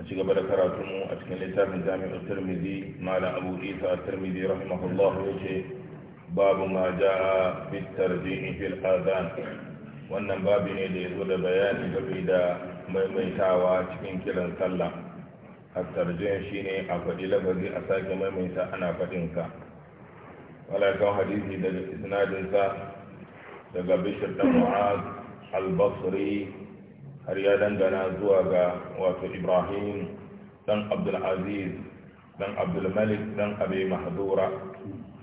a ci gaba da mu a cikin littafin jami'ar tirmidhi malam abu isa tirmidhi rahimahullah ya ce babu ma ja fi tarji'i fil azan wannan babu ne da ya zo da bayani game da maimaitawa cikin kiran sallah a tarji'i shine a faɗi lafazi a sake maimaita ana faɗin ka wala kan hadisi daga isnadin sa daga bishir da mu'ad al-basri har ya dangana zuwa ga wato ibrahim dan abdulaziz dan abdulmalik dan abi mahdura ya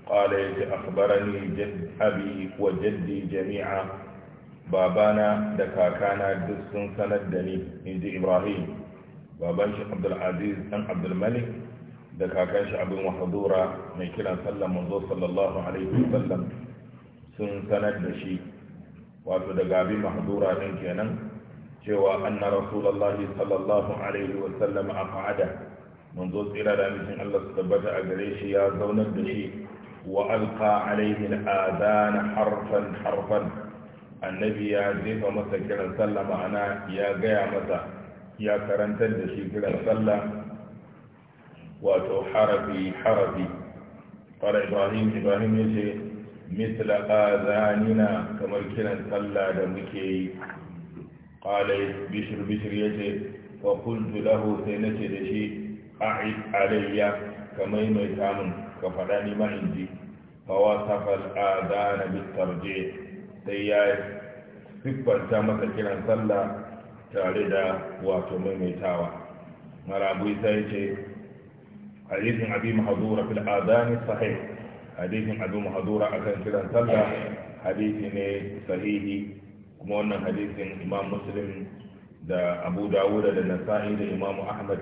قال أخبرني جد wa وجدي jami'a. babana da kakana duk sun sanar da ni in ji ibrahim baban shi abdulaziz ɗan abdulmalik da kakan shi abin wahadura mai kiran sallan manzo sallallahu alaihi wasallam sun sanar da shi wato daga abin mahadura ɗin kenan cewa anna rasulullahi sallallahu alaihi wa sallam aqada manzo tsira da mijin Allah su tabbata a gare shi ya zaunar da shi wa alqa alaihi al harfan harfan annabi ya jefa masa kiran sallah ma'ana ya gaya masa ya karantar da shi kiran sallah wato harafi harafi fara ibrahim ibrahim ya ce misla adhanina kamar kiran sallah da muke yi alai bishir bishir ya ce wa kuntu lahu sai na ce da shi a alaiya ka maimai samun ka faɗa ni ma in ji ba safar a dana bitar je sai ya siffanta masa kiran sallah tare da wato maimaitawa marabu isa ya ce hadisin abi mahadura fil adani sahih hadisin abi mahadura akan kiran sallah hadisi ne sahihi kuma wannan hadisin imam muslim da abu dawuda da nasa'i da imam ahmad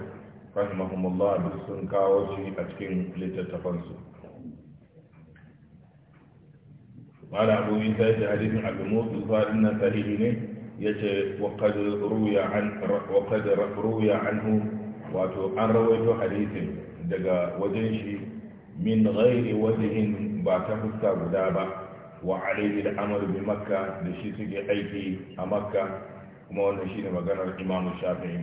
rahimahumullah duk sun kawo shi a cikin littattafansu mala abu isa da hadisin abu musu fadin na sahihi ne ya ce waƙad ruya anhu wato an rawaito hadisin daga wajen shi min ghairi wajihin ba ta fuska guda ba wa alaihi da amalu bi makka da shi suke aiki a makka kuma wannan ne maganar imamu shafi'i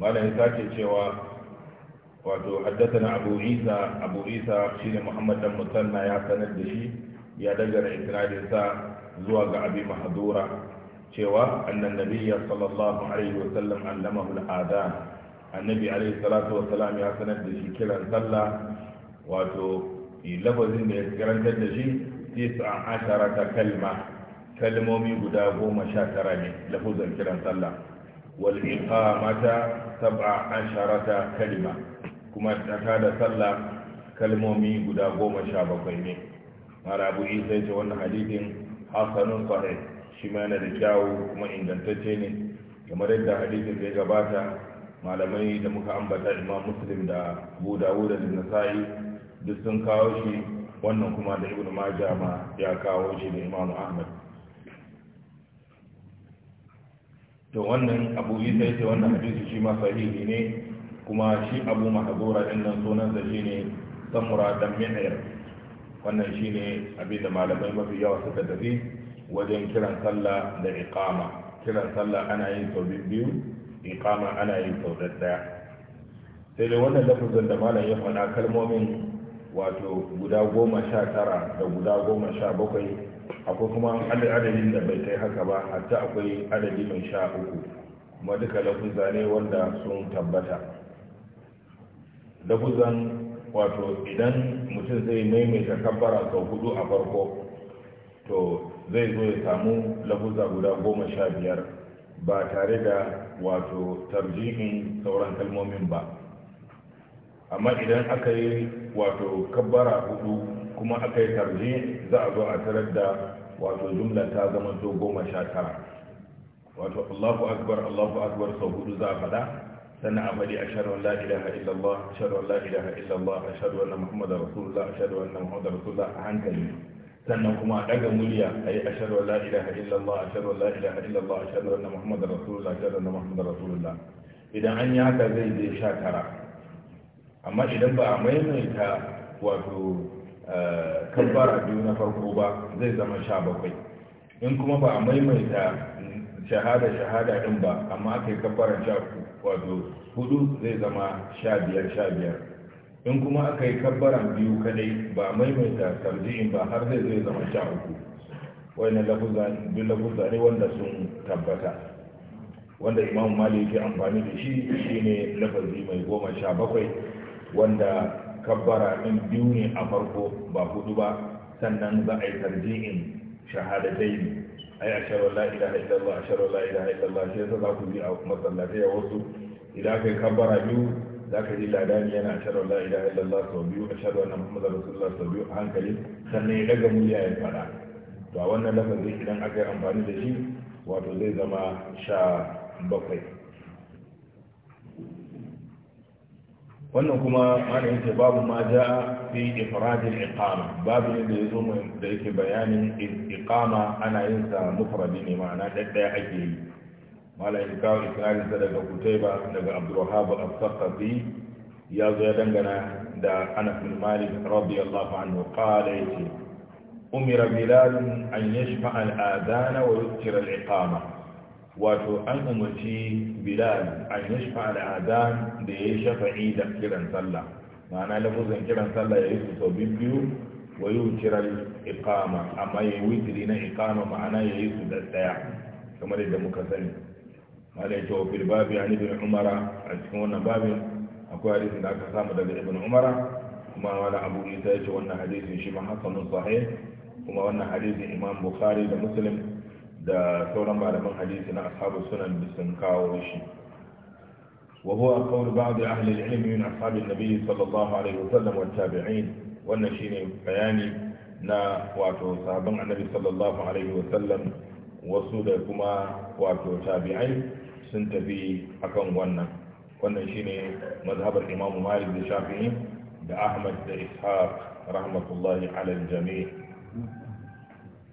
malam ya ce cewa wato haddathana abu isa abu isa shi ne muhammad dan musanna ya sanar da shi ya dagara isnadin sa zuwa ga abi mahdura cewa annan nabiyya sallallahu alaihi wa sallam allamahu al-adhan annabi alaihi salatu wa salam ya sanar da shi kiran sallah wato lafazin da ya karantar da shi tis'a kalma kalmomi guda goma sha tara ne lafuzan kiran sallah wal iqamata sab'a asharata kalma kuma tsaka da sallah kalmomi guda goma sha bakwai ne abu isa ce wannan hadithin hasanun sahih shi ma yana da kyawu kuma ingantacce ne kamar yadda hadisin da ya gabata malamai da muka ambata imam muslim da abu dawud da nasa'i duk sun kawo shi wannan kuma da ibn majah ma ya kawo shi da imam ahmad to wannan abu isa yace wannan hadisi shi ma sahihi ne kuma shi abu mahdura din nan sunan sa shine samura dan mihir wannan shine abin da malamai mafi yawa suka tafi wajen kiran sallah da iqama kiran sallah ana yin sau biyu iqama ana yin sau daya sai dai wannan lafazin da malam ya faɗa kalmomin wato guda goma sha tara da guda goma sha bakwai akwai kuma adadin da bai kai haka ba hatta akwai adadi mai sha uku kuma duka lafuzza ne wanda sun tabbata lafuzan wato idan mutum zai maimaita kabbara sau hudu a farko to zai zo ya samu lafuza guda goma sha biyar ba tare da wato tarjihin sauran kalmomin ba amma idan aka yi wato kabbara hudu kuma aka yi tarji za a zo a tarar da wato jumla ta zama to goma sha tara wato allahu akbar allahu akbar sau hudu za a faɗa sannan a faɗi a sharon la ilaha illallah sharon la ilaha illallah a sharon na muhammadu rasulullah a sharon na muhammadu rasulullah a hankali sannan kuma a daga murya a yi ashar wa la'ilaha illallah ashar wa la'ilaha illallah ashar wa muhammadu rasulullah ashar wa muhammadu rasulullah idan an yi haka zai je sha tara amma idan ba a maimaita wato eh, kabbara biyu na farko ba zai zama sha bakwai in kuma ba a maimaita shahada shahada din ba amma aka yi kabbaran sha wato hudu zai zama sha biyar sha biyar in kuma aka yi kabbaran biyu kadai ba a maimaita tarji'in ba har zai zai zama sha uku wani lafuzza ne wanda sun tabbata wanda imam mali yake amfani da shi shine lafazi mai goma sha bakwai wanda kabbara ɗin biyu ne a farko ba hudu ba sannan za a yi tarji'in shahadatai ne ai asharu la ilaha illallah asharu la ilaha illallah shi yasa za ku yi a masallatai a wasu idan aka yi kabbara biyu za ka yi ladani yana asharu la ilaha illallah sau biyu asharu annan muhammadu rasulullah sau biyu a hankali sannan ya daga murya ya faɗa to a wannan lafazin idan aka yi amfani da shi wato zai zama sha bakwai wannan kuma ana yake babu ma ja'a fi ifradil iqama babu ne da yazo da yake bayanin ikama ana yin sa mufradi ne ma'ana daddaya ake yi malamin kawo ikrarin sa daga kutaiba daga abdurrahab al-saqafi ya zo ya dangana da anas bin malik radiyallahu anhu qala yace umira bilal an yashfa al-adana wa yukthira al-iqama wato an umarci bilal a yi shafa da azan da ya yi shafa'i da kiran sallah ma'ana lafuzin kiran sallah ya yi su sau biyu wa yi wucirar ikama amma ya yi witiri na ikama ma'ana ya yi su da tsaya kamar yadda muka sani mala ya ce wa fil babi an ibn umara a cikin wannan babin akwai hadisin da aka samu daga ibn umara kuma wani abu isa ya ce wannan hadisin shi ma hasanun sahih kuma wannan hadisin imam bukhari da muslim da sauran malaman hadisi na ashabu sunan sun kawo shi wa huwa qawl ba'd ahli al-ilm min ashab an-nabi sallallahu alaihi wa sallam wa tabi'in wannan shine bayani na wato sahabban annabi sallallahu alaihi wa sallam wasu da kuma wato tabi'ai sun tafi akan wannan wannan shine mazhabar imamu malik da shafi'i da ahmad da ishaq rahmatullahi ala al-jami'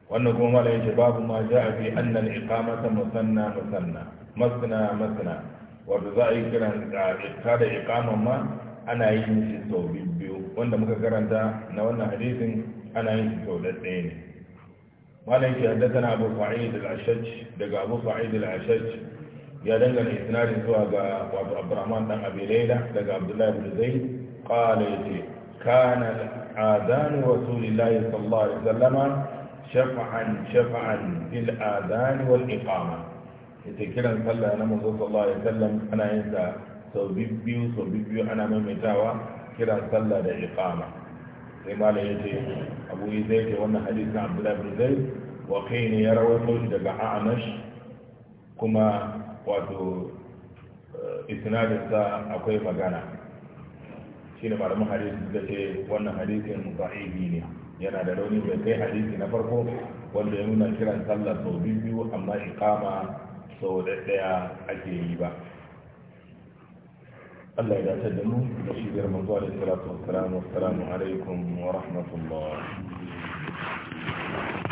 wannan kuma mala yace babu ma a fi anna al-iqamata musanna musanna masna masna wato za a yi kiran ta da iqaman ma ana yin shi sau biyu wanda muka karanta na wannan hadisin ana yin shi sau da ɗaya ne malam ke haddasa abu sa'id al-ashaj daga abu sa'id al-ashaj ya dangana isnadin zuwa ga wato abdurrahman dan abi laila daga abdullahi ibn zaid qala yace kana adanu rasulillahi sallallahu alaihi wasallama shafa'an shafa'an bil adani wal iqama ita kiran sallah na manzo sallallahu alaihi wasallam ana yin sa sau biyu sau biyu ana maimaitawa kiran sallah da iqama sai malam yace abu izai ke wannan hadisin abdullahi bin zaid wa qini ya rawaito shi daga Amash kuma wato isnadin sa akwai magana shine malaman hadisi suka ce wannan hadisin da'ifi ne yana da rauni bai kai hadisi na farko wanda ya nuna kiran sallah sau biyu amma iqama sau da daya ake yi ba Allah ya dace da mu da shi girman zuwa da salatu wassalamu alaikum wa rahmatullah